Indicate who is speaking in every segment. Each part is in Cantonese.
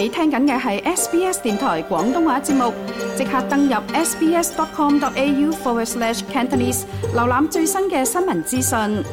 Speaker 1: 你聽緊嘅係 SBS 電台廣東話節目，即刻登入 sbs.com.au/cantonese，an 瀏覽最新嘅新聞資訊。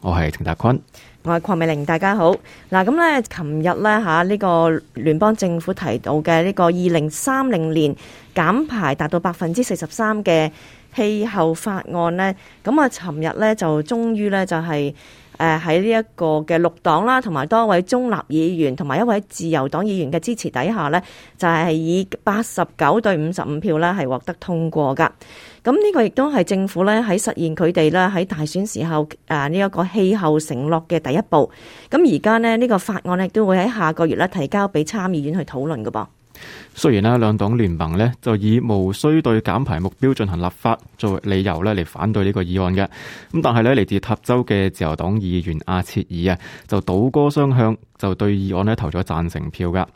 Speaker 2: 我係陳達坤，
Speaker 1: 我係鄺美玲，大家好。嗱，咁呢，琴日呢，嚇呢個聯邦政府提到嘅呢個二零三零年減排達到百分之四十三嘅氣候法案呢。咁啊，琴日呢，就終於呢，就係、是。誒喺呢一個綠黨啦，同埋多位中立議員同埋一位自由黨議員嘅支持底下呢，就係以八十九對五十五票啦，係獲得通過噶。咁呢個亦都係政府咧喺實現佢哋咧喺大選時候呢一個氣候承諾嘅第一步。咁而家呢，呢個法案呢都會喺下個月咧提交俾參議院去討論㗎噃。
Speaker 2: 雖然咧兩黨聯盟呢就以無需對減排目標進行立法作為理由呢嚟反對呢個議案嘅，咁但係呢嚟自塔州嘅自由黨議員阿切爾啊就倒戈雙向就對議案咧投咗贊成票噶，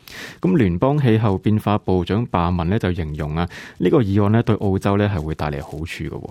Speaker 2: 咁聯邦氣候變化部長霸文呢就形容啊呢、這個議案咧對澳洲呢係會帶嚟好處嘅。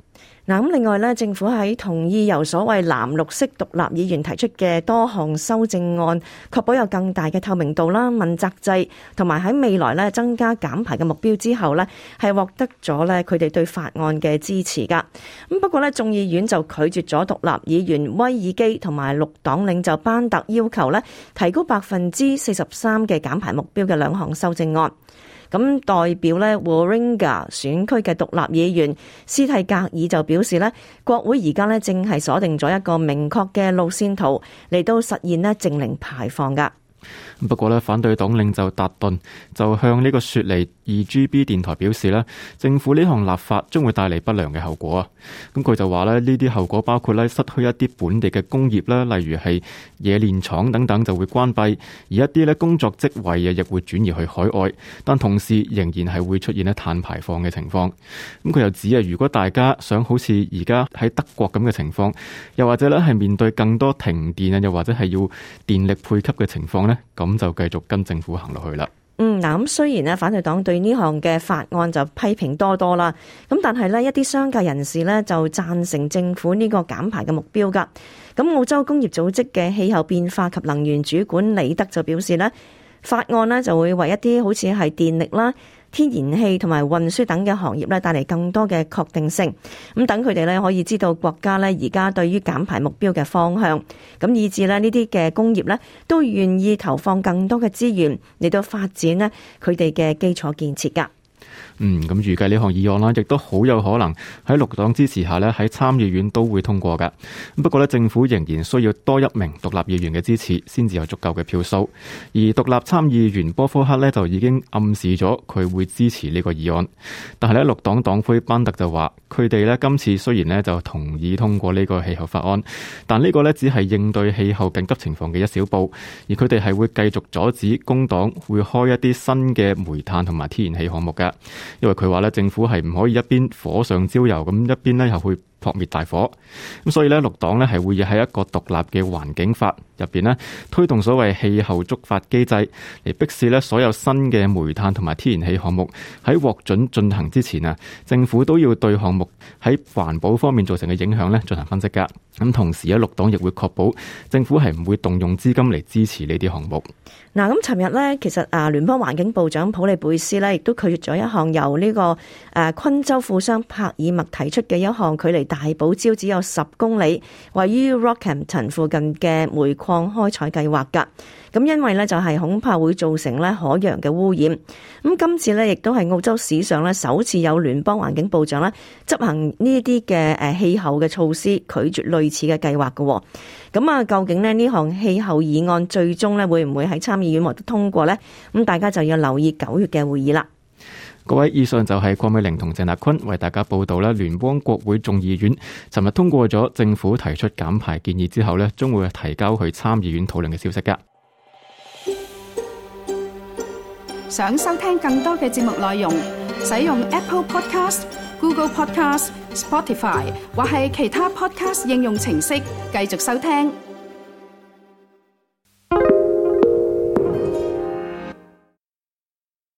Speaker 1: 嗱，咁另外咧，政府喺同意由所謂藍綠色獨立議員提出嘅多項修正案，確保有更大嘅透明度啦、問責制，同埋喺未來咧增加減排嘅目標之後咧，係獲得咗咧佢哋對法案嘅支持噶。咁不過咧，眾議院就拒絕咗獨立議員威爾基同埋綠黨領袖班特要求咧提高百分之四十三嘅減排目標嘅兩項修正案。咁代表呢 Warringa 選區嘅獨立議員斯蒂格爾，就表示呢，國會而家呢正係鎖定咗一個明確嘅路線圖嚟到實現呢淨零排放嘅。
Speaker 2: 不過呢反對黨領袖達頓就向呢個説嚟。二、GB 電台表示呢，政府呢項立法將會帶嚟不良嘅後果啊！咁佢就話呢，呢啲後果包括呢，失去一啲本地嘅工業啦，例如係冶煉廠等等就會關閉，而一啲呢工作職位啊，亦會轉移去海外，但同時仍然係會出現呢碳排放嘅情況。咁佢又指啊，如果大家想好似而家喺德國咁嘅情況，又或者呢係面對更多停電啊，又或者係要電力配給嘅情況呢，咁就繼續跟政府行落去啦。
Speaker 1: 嗯，嗱，咁雖然咧，反對黨對呢項嘅法案就批評多多啦，咁但係咧，一啲商界人士咧就贊成政府呢個減排嘅目標噶。咁澳洲工業組織嘅氣候變化及能源主管李德就表示咧，法案咧就會為一啲好似係電力啦。天然氣同埋運輸等嘅行業咧，帶嚟更多嘅確定性。咁等佢哋咧可以知道國家咧而家對於減排目標嘅方向，咁以至咧呢啲嘅工業咧都願意投放更多嘅資源嚟到發展咧佢哋嘅基礎建設噶。
Speaker 2: 嗯，咁預計呢項議案啦、啊，亦都好有可能喺綠黨支持下呢，喺參議院都會通過㗎。不過呢，政府仍然需要多一名獨立議員嘅支持，先至有足夠嘅票數。而獨立參議員波夫克呢，就已經暗示咗佢會支持呢個議案。但係呢，綠黨黨魁班特就話，佢哋呢，今次雖然呢就同意通過呢個氣候法案，但呢個呢，只係應對氣候緊急情況嘅一小步，而佢哋係會繼續阻止工黨會開一啲新嘅煤炭同埋天然氣項目㗎。因為佢話咧，政府係唔可以一邊火上澆油，咁一邊呢又去撲滅大火，咁所以呢，綠黨呢係會喺一個獨立嘅環境法入邊呢，推動所謂氣候觸發機制，嚟逼使呢所有新嘅煤炭同埋天然氣項目喺獲准進行之前啊，政府都要對項目喺環保方面造成嘅影響呢進行分析噶。咁同時呢綠黨亦會確保政府係唔會動用資金嚟支持呢啲項目。
Speaker 1: 嗱，咁尋日呢，其實啊，聯邦環境部長普利貝斯呢亦都拒絕咗一項由呢個誒昆州富商帕爾默提出嘅一項距離。大堡礁只有十公里，位於 Rockhampton 附近嘅煤礦開採計劃㗎。咁因為咧就係恐怕會造成咧海洋嘅污染。咁今次咧亦都係澳洲史上咧首次有聯邦環境部長咧執行呢啲嘅誒氣候嘅措施，拒絕類似嘅計劃嘅。咁啊，究竟咧呢項氣候議案最終咧會唔會喺參議院獲得通過呢？咁大家就要留意九月嘅會議啦。
Speaker 2: 各位，以上就係郭美玲同鄭立坤為大家報道啦。聯邦國會眾議院尋日通過咗政府提出減排建議之後咧，將會提交去參議院討論嘅消息噶。
Speaker 1: 想收聽更多嘅節目內容，使用 Apple Podcast、Google Podcast、Spotify 或係其他 Podcast 應用程式繼續收聽。